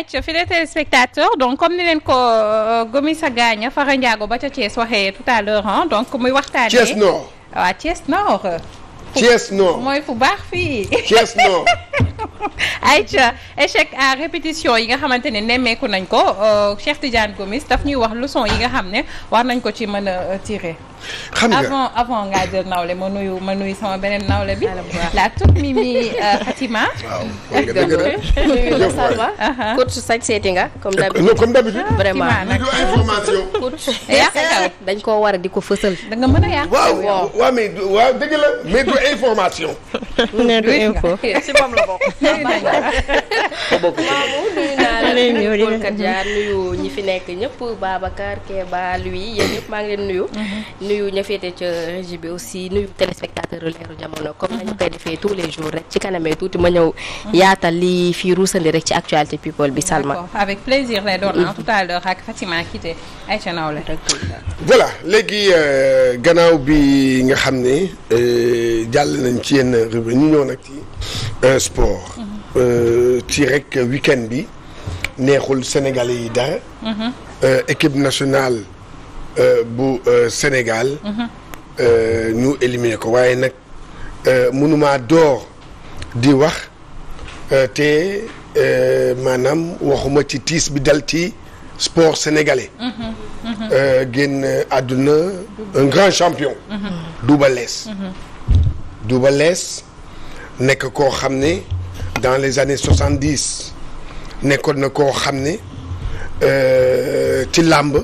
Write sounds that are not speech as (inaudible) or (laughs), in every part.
fi Aïcha fidèles téléspectateurs donc comme ni leen ko euh, Gomissa Gagna Fara Ndiago ba ca Thiès waxee tout à l'heure ah donc muy waxtaanee. Thiès Nord waaw Thiès Nord. Thiès Nord mooy fu baax fii. Thiès Nord. (laughs) Aïcha échec à répétition yi nga xamante ne nemmeeku nañ ko euh, Cheikh Tidiane Gomis daf ñuy wax leçon yi nga xam ne war nañ ko ci mën a euh, tirer. xam nga avant avant ngaa jël nawle ma nuyu ma nuyu sama beneen nawle bi. la toute mimi euh, Fatima. waaw nga dëgg la uh-huh. coach sañ seeti comme d'habitude comme ah, d'habitude vraiment information. (laughs) dañ koo war a di ko fësal. da nga mën a yàq. la mais du bokk ci maa ngi lay nuyu ñi fi nekk ñëpp Babacar Keba Louis yéen ñëpp maa ngi leen nuyu. Mhm. nuyu ña féete ca régie bi aussi nuyu téléspectateur leeru jamono. comme nañu koy defee tous les jours rek ci kanamee tuuti ma ñëw. Mhm. yaatal lii fii ruusandi rek ci actualité people bi Salma. avec plaisir lay doon en tout à l'heure ak Fatima Kité Aïcha Nawle voilà léegi euh, gannaaw bi nga xam ne euh, jàll nañ ci yenn rubrique ñu ñëw nag ci euh, sport. Mhm. ci rek week bi. neexul Sénégalais yi dara. Mhm. Euh, équipe nationale euh, bu euh, Sénégal. Mhm. ñu éliminer ko waaye nag mënuma door di wax te maanaam waxuma ci tiis bi dal ci sport sénégalais. Mhm. génn àdduna un grand champion. Double Less. Double Less nekk koo xam ne dans les années soixante-dix. nekkoon na koo xam ne euh, ci làmb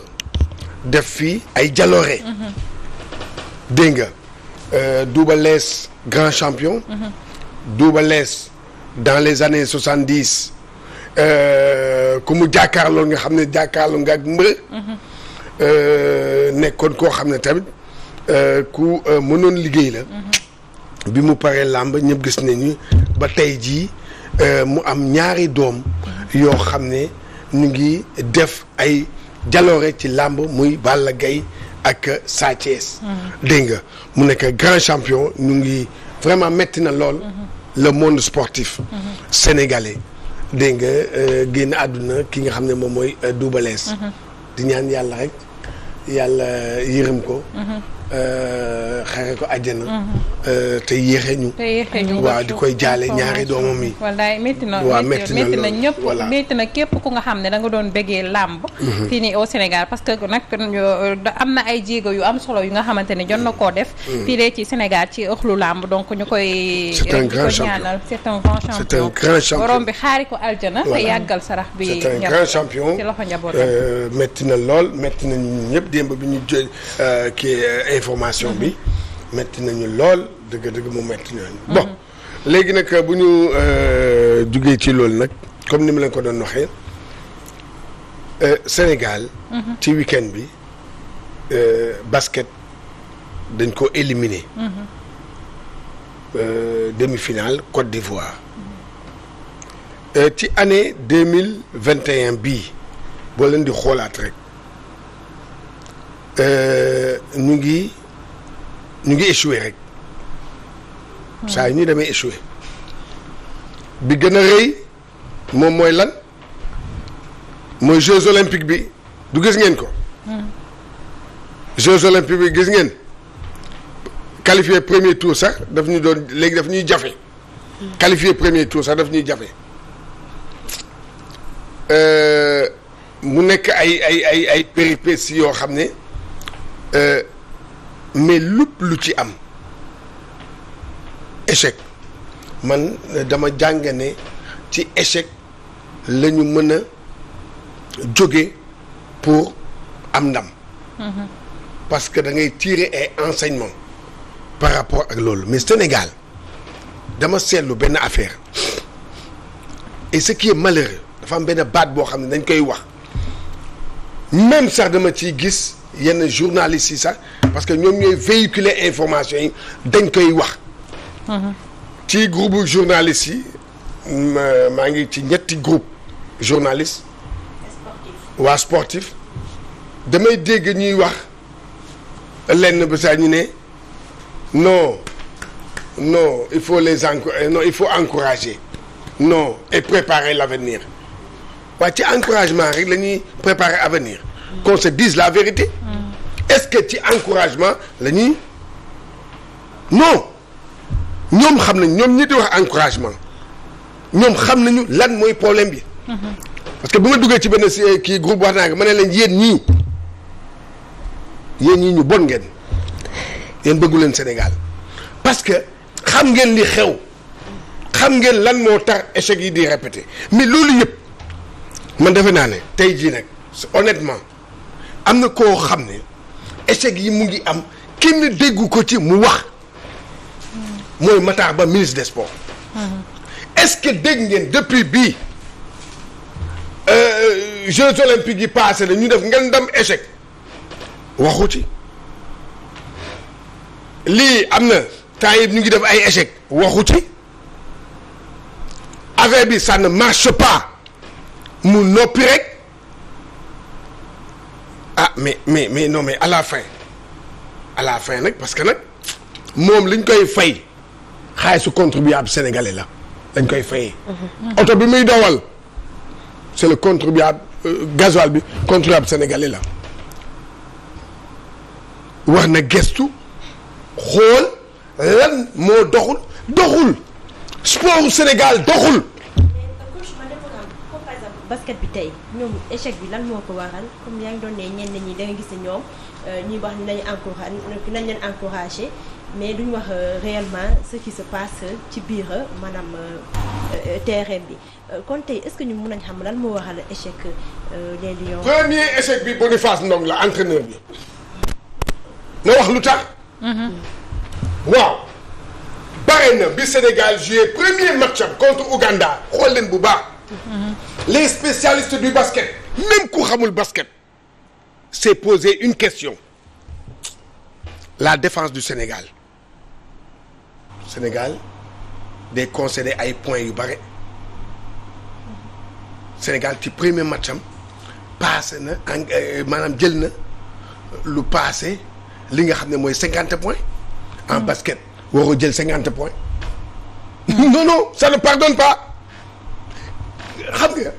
def fi ay jaloore dégg nga euh, Double Less grand champion Double dans les années soixante-dix euh, ku mu jàkkaarloo nga xam ne jàkkaarloo nga ak mbër nekkoon koo xam ne tamit ku mënoon liggéey la bi mu paree làmb ñëpp gis nañu ba tey jii mu am ñaari doom yoo xam ne ñu ngi def ay jaloore ci làmb muy Balla Gaye ak Sa Thiès. Mhm. mu nekk grand champion ñu ngi vraiment metti na lool. Mhm. le monde sportif. Mhm. sénégalais dégg nga euh, génn àdduna ki nga xam ne moom mooy euh, Double Less. di ñaan yàlla rek yàlla yërëm ko. xare ko àjjana. Mhm. Euh, te yéexee ñu. te yéexee ñu waaw di koy jaale ñaari doomam yi. wallaay métti na waaw na métti képp ku nga xam ne da doon bëggee làmb. Mhm. fii nii parce que nag euh, am na ay jéego yu am solo yu nga xamante ne jot na koo def. Mhm. fii de ci Sénégal ci làmb donc ñu koy. c'est un euh, grand ko aljana. te yàggal sarax bi. c'est na lool métti na ñun démb bi ñu jël kii. information bi metti nañu lool dëgg dëgg mu metti nañu bon léegi nag bu ñu euh, jugee ci loolu nag comme ni mu leen ko doon waxee euh, Sénégal mhm. ci week-end bi euh, basket dañ ko éliminer mhm. demi-finale Côte d'Ivoire ci année deux mille vingt bii boo leen di xoolaat rek Euh, ñu ngi ñu ngi échoué rek hmm. saa yu ñu demee échoué bi gën a rëy moom mooy lan mooy Jeux olympiques bi du gis ngeen ko. Hmm. Jeux olympiques bi gis ngeen qualifié premier tour sax daf ñu doon léegi daf ñuy jafe. Hmm. qualifié premier tour sax daf ñuy jafe. Euh, mu nekk ay ay ay ay péripéties yoo xam ne. Euh, mais lépp lu ci am échec man euh, dama jàngane ci échec la ñu mën a jóge pour am ndam. Mhm. parce que da ngay tirer enseignement par rapport ak loolu mais Sénégal dama seetlu benn affaire et ce qui est malheureux dafa am benn baat boo xam ne dañ koy wax. même sax dama ci gis yenn journalistes yi sax parce que ñoom ñooy véhiculer information yi dañ koy wax. Mhm. ci groupe journalistes yi maa ngi ci ñetti groupe journalistes. waa sportif. damay dégg ñuy wax lenn ba sax ñu ne non non il faut les encourager non il et préparer l'avenir waa ci encouragement rek la ñuy préparer avenir qu'on se dise la vérité mm. est-ce que ci encouragement lañuy ñuy non ñoom xam nañ ñoom ñu di wax encouragement ñoom xam nañu lan mooy problème bi mm-hmm. parce que bi ma duggee ci benn si eh, kii groupe wax naa ko ma ne leen yéen ñii yéen ñu bon ngeen yéen bëggu leen Sénégal parce que xam ngeen li xew xam ngeen lan moo tax échec yi di répété mais loolu yëpp man defe naa ne tey jii nag honnêtement am na koo xam ne échec yi mu ngi am kenn déggu ko ci mu wax mooy Matar Ba ministre des sports mm-hmm. est-ce que dégg ngeen depuis bi euh, euh, Jeux olympiques yi passé na ñu def ngeen dem échec waxu ci lii am na temps yii ñu ngi def ay échec waxu ci affaire bi ça ne marche pas. mu noppi rek ah mais mais mais non mais à la fin à la fin nag parce que nag moom liñ koy fay xaalisu contribuable sénégalais la dañ koy fayee. Mhm. oto bi muy dawal c'est le contribuable euh, gasoil bi contribuable sénégalais la war na gestu xool moo doxul doxul sport Sénégal doxul. basket bi tey ñoom échec bi lan moo ko waral comme yaa ngi doon ne ñenn ñi da nga gis ne ñoom euh, ñuy wax nañu encouragé nañ leen encouragé mais duñ wax euh, réellement ce qui se passe ci biir maanaam euh, terrain bi kon tey est-ce que ñu mun nañ xam lan moo waral échec les Lions. premier échec bi Boniface Ndong la entraîneur bi na wax lu tax. Mhm. waaw bare na bi Sénégal joué premier match contre Ouganda xool leen bu baax. Mhm. les spécialistes du basket même ku xamul basket s'est posé une question la défense du Sénégal Sénégal day concédé ay points yu bare Sénégal ci premier match am passé na euh, maanaam jël na lu passé li nga xam ne mooy cinquante points en hmm. basket waroo jël cinquante points (laughs) non non ça ne pardonne pas xam nga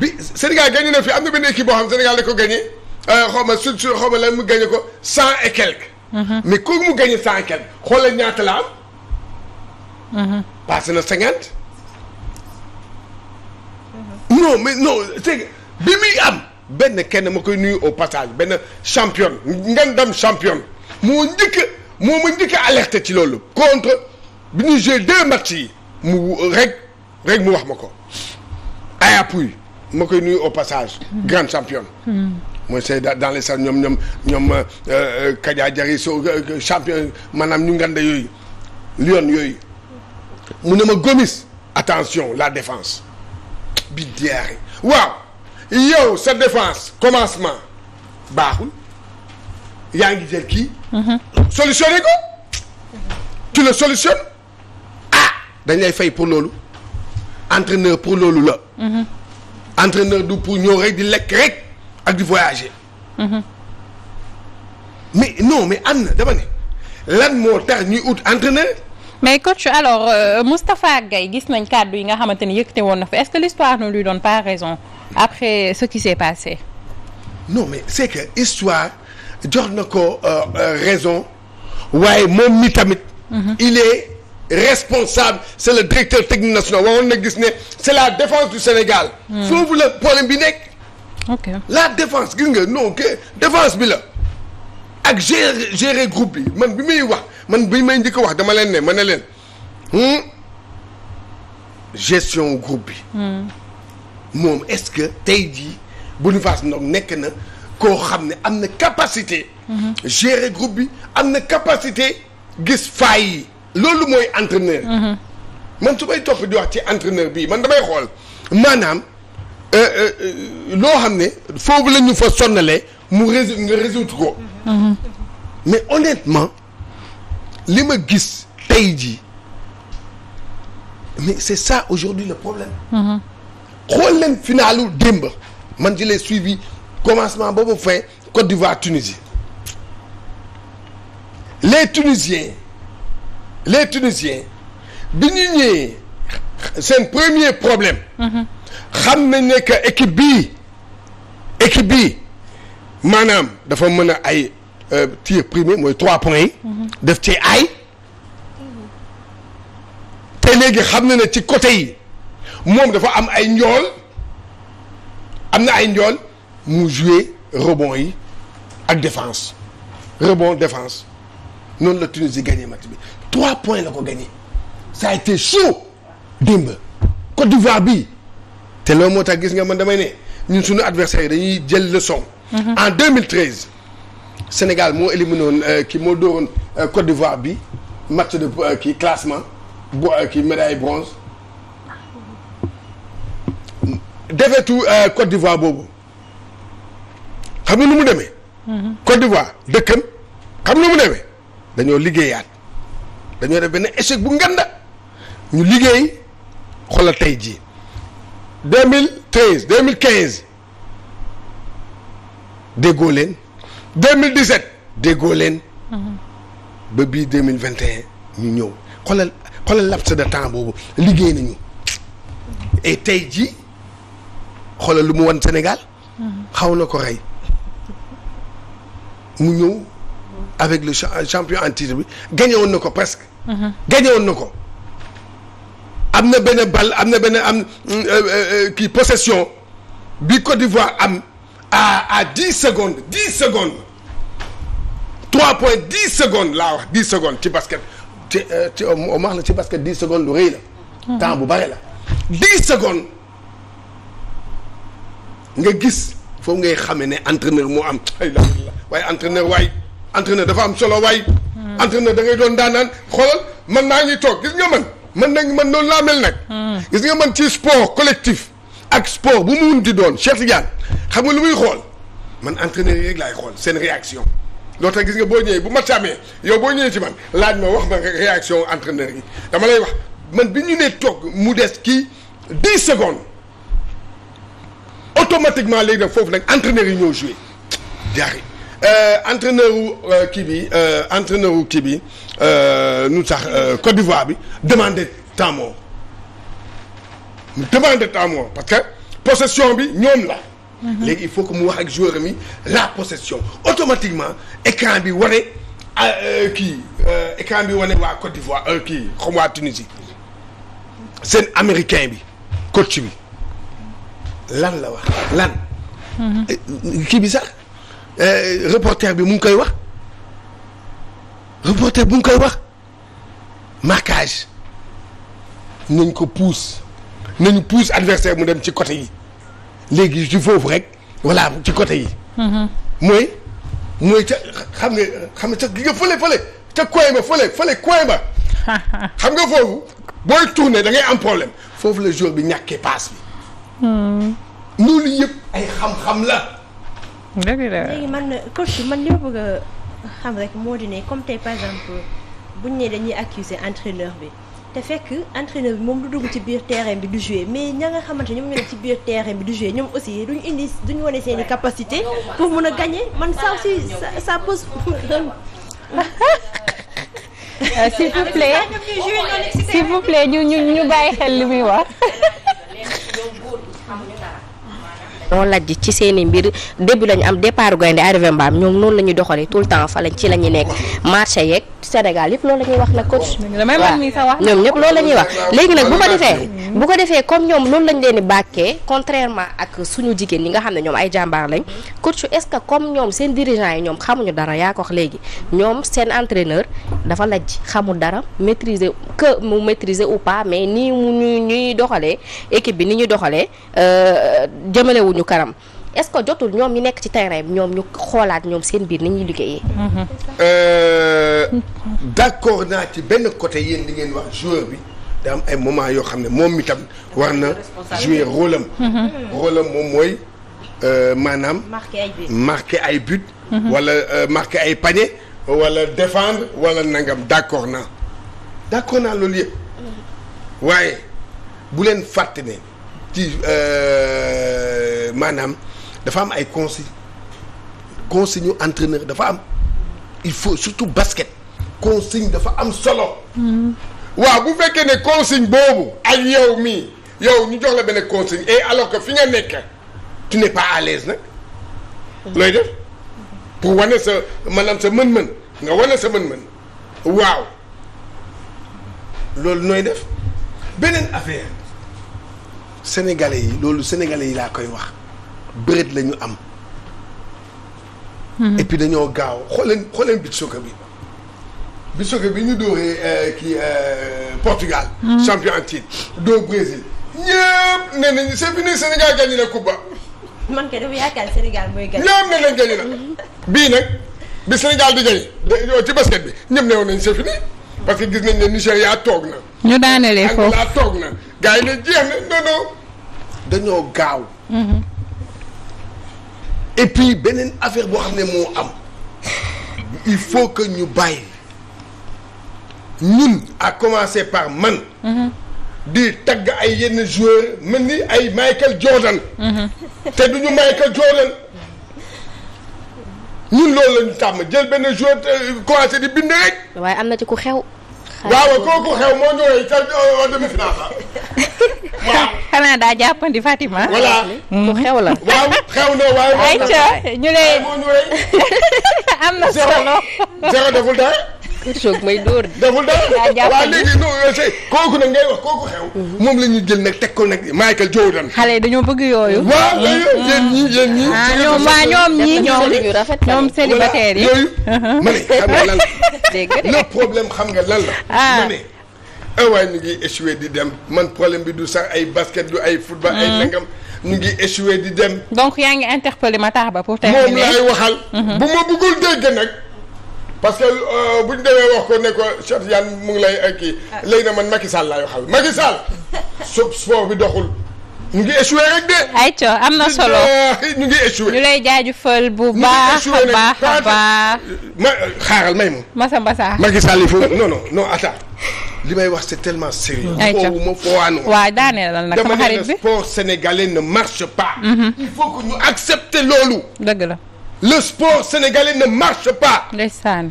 bi Sénégal gagné na fi am na benn équipe boo xam Sénégal da ko gagné euh, xaw ma su xaw ma lan mu gagné ko cent et quelque. Mhm. mais ku mu gagné cent et quelque xoolal ñaata la am. Mhm. passé na cinquante. non mais non bi muy am benn kenn ma koy nuyu au passage benn championne ngandam championne moo njëkk moo ma njëkk a ci loolu contre bi ñu joué deux matchs yi mu rek rek mu wax ma ko. Yaya Pouy ma koy nuyu au passage grande championne mooy say dans les salles ñoom ñoom ñoom euh, euh, Kadia Diary euh, champion maanaam ñu nganda yooyu Lyon yooyu mu ne ma Gomis attention la défense bi diyaari waaw yow sa défense commencement baaxul yaa ngi jël kii mhm. solutionné ko tu le solutionnes ah! fay pour loolu entraîneur pour loolu la. Mhm. entraîneur du pour ñëw rek di lekk rek ak di voyager. Mhm. mais non mais am na dama ne lan moo tax ñuy ut entraîneur. mais coach alors euh, Moustapha Gueye gis nañ kàddu yi nga xamante ni yëkte woon na fa est-ce que l'histoire ne lui donne pas raison après ce qui s'est passé. non mais c'est que histoire jox na ko euh, euh, raison waaye moom mi tamit. Mhm. il est responsable c'est le directeur technique national waroon na gis ne c'est la défense du Sénégal. Hmm. foofu le problème bi nekk. ok la défense gis nga non que bi la ak gérer gérer bi man bi may wax man bi may njëkk wax dama leen ne ma ne leen hmm, gestion groupe bi. Hmm. moom est-ce que tey jii Boniface Ndong nekk na koo xam ne am na capacité. gérer groupe bi am na capacité gis failles loolu mooy entraîneur. Mhm. man su may topp di wax ci entraîneur bii man damay xool maanaam euh, euh, euh, loo xam ne foofu la ñu fa sonnalee mu résout nga résoudre ko. Mhm. mais honnêtement li ma gis tey jii mais c'est ça aujourd'hui le problème. Mhm. xool leen finalu démb man ji lay suivi commencement boobu fin Côte d'Ivoire Tunisie les Tunisiens. les tunisiens bi ñu ñëwee seen premier problème mhm. xam nañ ne que équipe bii équipe bi maanaam dafa mën a ay euh, tir primé mooy trois points yi mhm. def ci ay te léegi xam na ne ci côté yi moom dafa am ay njool am na ay njool mu jouer rebond yi ak défense rebon défense noonu la Tunisie gagné match bi trois points la ko gagné ça a été chaud démb Côte d'Ivoire bi te loolu moo tax gis nga man damay ne ñun suñu adversaire dañuy jël leçon. Mhm. en 2013 Sénégal moo éliminé woon euh, kii moo dóoroon euh, Côte d'Ivoire bi match de euh, kii classement bo kii médaille bronze defetu Côte d'Ivoire boobu xam nga nu mu demee. Mhm. Côte d'Ivoire dëkkam xam nu mu demee dañoo liggéeyaat. dañoo def benn échec bu nganda ñu liggéey xoolal tey jii 2013 2015 déggoo leen 2017 déggoo leen. ba mille vingt 2021 ñu ñëw xoolal xoolal laps de temps boobu liggéey nañu et tey jii xoolal lu mu wan Sénégal. Mm-hmm. xaw na ko rey mu ñëw. avec le champion en titre bi gagné woon na ko presque. Mhm. gagné woon na ko. am na benn bal am na benn am euh, euh, kii possession bi Côte d'Ivoire am a à dix secondes dix secondes trois points dix secondes laa wax dix secondes ci basket ci euh, ci au max la ci basket dix secondes lu la. Mhm. temps bu bare la dix secondes nga gis foofu ngay xamee ne entraîneur moo am. alhamdulilah waaye entraîneur waaye. entraîneur dafa am solo waay. Hmm. entraîneur da ngay doon daanaan xoolal man naa ngi toog gis nga man man nag man noonu laa mel nag. Hmm. gis nga man ci sport collectif ak sport bu mu munti doon Cheikh Tidiane xam nga lu muy xool man entraîneur yi rek laay xool seen réaction. loolu tax gis nga boo ñëwee bu mat match amee yow boo ñëwee ci man laaj ma wax ma réaction entraîneur yi dama lay wax man bi ñu ne toog mu des kii dix secondes automatiquement léegi nag foofu nag entraîneur yi ñoo joué jaari Euh, entraîneur wu euh, kii bi euh, entraîneur wu kii bi nu sax Côte d'Ivoire bi demande temps mort mu demandé temps parce que possession bi ñoom la. Mhm. léegi il faut que mu wax ak joueur mi la possession automatiquement écran bi wane kii écran bi wane waa Côte d'Ivoire kii xam waa Tunisie seen américain bi coach bi lan la wax lan. Mhm. kii bi sax. Eh, reporter bi mu ngi koy wax reporter bu ngi koy wax marquage nañ ko pousse nañu pousse adversaire mu dem ci côté yi léegi ci foofu rek voilà ci côté yi. Mhm. mooy mooy ca xam nga xam nga ca gi nga fële fële ca ba (laughs) xam nga foofu booy tourner da am problème foofu la jour bi ñàkkee paas bi. Hmm. loolu yëpp ay xam-xam la. dëgg la léegi man coach man li bëgg a xam rek moo di ne comme tey par exemple buñ ne dañuy accuser entraîneur bi te fekk entraîneur bi moom du dugg ci biir terrain bi du jouer mais ña nga xamante ñoom ñoo ne ci biir terrain bi du jouer ñoom aussi duñ indi duñ wane seen i capacité pour mun a gagner man ça aussi ça ça pose. Euh, s'il vous plaît s'il ñu ñu ñu bàyyi xel li muy wax. (laughs) ñoo lajj ci seen i mbir début lañu am départ gaynde arrivé ñoom noonu la ñuy doxalee tout le temps fa lañ ci la nekk marché yeeg Sénégal yëpp loolu la ñuy wax nag coach ñoom ñëpp loolu la ñuy wax léegi nag bu mm-hmm. bu ko defee comme ñoom loolu lañ leen di bàkkee contrairement ak suñu jigéen ñi nga xam ne ñoom ay jàmbaar lañ coach est-ce que comme ñoom seen dirigeant yi ñoom xamuñu dara yaa ko wax léegi ñoom seen entraîneur dafa lajj xamul dara maîtriser que mu maîtriser ou pas mais nii mu ñuy doxalee équipe bi ni ñuy doxalee euh, jëmalewu jëmewuñu kanam est jotul ñoom ñi nekk ci terrain bi ñoom ñu xoolaat ñoom seen biir ni ñuy liggéeyee. Euh, d'accord naa ci benn côté yéen li ngeen wax joueur bi da am ay moment yoo xam ne moom itam war na jouer rôle am. rôle am moom mooy euh, maanaam. marquer ay buts marquer ay mhm. euh, ay paniers. wala défendre wala nangam d'accord naa d'accord naa loolu yëpp mhm. waaye bu leen fàtte ne ci. maanaam dafa am ay consignes consigne entraîneur dafa am il faut surtout basket consigne dafa am solo hmm. waaw bu fekkee ne consigne boobu ak yow mii yow ñu jox la benn consigne et alors fi nga nekk tu n'es pas à nag looy def pour wane sa maanaam sa mën-mën nga wane sa mën-mën waaw loolu nooy def beneen affaire sénégalais yi loolu sénégalais yi laa koy wax bëreet la ñu am. Mhm. et puis dañoo gaaw xooleen xooleen beach soccer bi beach soccer bi ñu dóoree euh, kii euh, Portugal. Mhm. champion en titre dóor Brésil ñëpp nee nañu c'est fini Sénégal na coupe ba. man kay dafa na. Mhm. bii nag bi Sénégal di gagné ci basket bi ñëpp newoon nañ c'est fini parce que gis nañ ne Nigéria toog na. ñu daanelee foofu Angola toog na. gars yi ne jeex na non dañoo gaaw. et puis beneen affaire boo xam ne moo am il faut que ñu bàyyi ñun à commencer par man. Mhm. di tagg ay yenn joueurs mel ni ay Michael Jordan. Mhm. te duñu Michael Jordan. ñun loolu la tàmm jël benn joueur euh, commencé di bind rek. waaye am na ci ku xew. waaw kooku xew moo ñëwee ca oh, oh, demi-finale la. waaw (laughs) xanaa daa jàppandi Fatima. mu xew la. waaw xew ñu lay (laughs) am na solo. zéro deful dara. soog (laughs) may dóor. deful dara waaw léegi non c'est kooku nag ngay wax kooku xew. moom la jël nag teg ko nag Michael Jordan. xale yi dañoo bëgg yooyu. waaw yéen ñii yéen ñii. ah ñoom waa ah, ñoom ñii ñoom ñoom célibataire yi. ma ne xam nga lan la. (laughs) le xam nga la. Ah. ma ne. ah waaye ñu ngi échoué di dem man problème bi du sax ay basket du ay football. ay hmm. nangam ñu ngi échoué di dem. donc yaa ngi interpellé ma tax ba pour. terminer moom laay waxal. Hmm. bu ma bëggul dégg nag. parce que euh, bu ñu demee wax ko ne ko Cheikh Yane mu ngi lay ah. na man Macky Sall waxal Macky Sall (laughs) bi doxul ñu ngi échoué rek de. ayca am na solo (laughs) ñu ngi échoué. ñu lay jaajëfal bu baax a baax a baax. xaaral may ma. Massa Mbassa. Macky Sall il faut non non li may wax c'est tellement sérieux. ayca foofu ma foowaanu. waaw nag sama xarit bi dama ne le sport sénégalais ne mhm. il faut que ñu accepter loolu. dëgg la. le sport sénégalais ne marche pas. ndeysaan.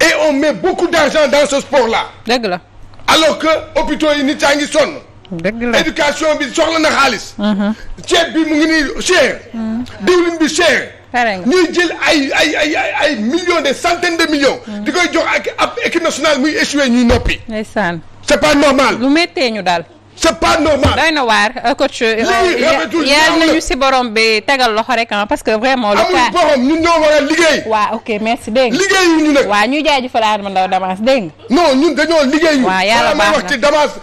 et on met beaucoup d'argent dans ce sport-là. dëgg la. alors que hôpitaux yi nit yaa ngi sonn. dëgg éducation bi soxla na xaalis. Mhm. ceeb bi mu ngi nii cher. Mhm. diwlin bi cher. ñuy jël ay ay ay ay millions des centaines de millions. Mhm. di koy jox ak ab équipe nationale muy échoué ñuy noppi. ndeysaan. c'est pas normal. lu méttee ñu daal. c'est pas normal. doy na waar euh, coach. Euh, yàlla nañu si borom bi tegal loxo rek ah parce que vraiment. le cas amul borom ñun ñoo war a liggéey. waaw ok merci dégg nga liggéeyuñu nag. waaw ñu jaajëfal Adama Ndao Damas dégg nga. non ñun dañoo liggéeyu. waaw yàlla baax na ma wax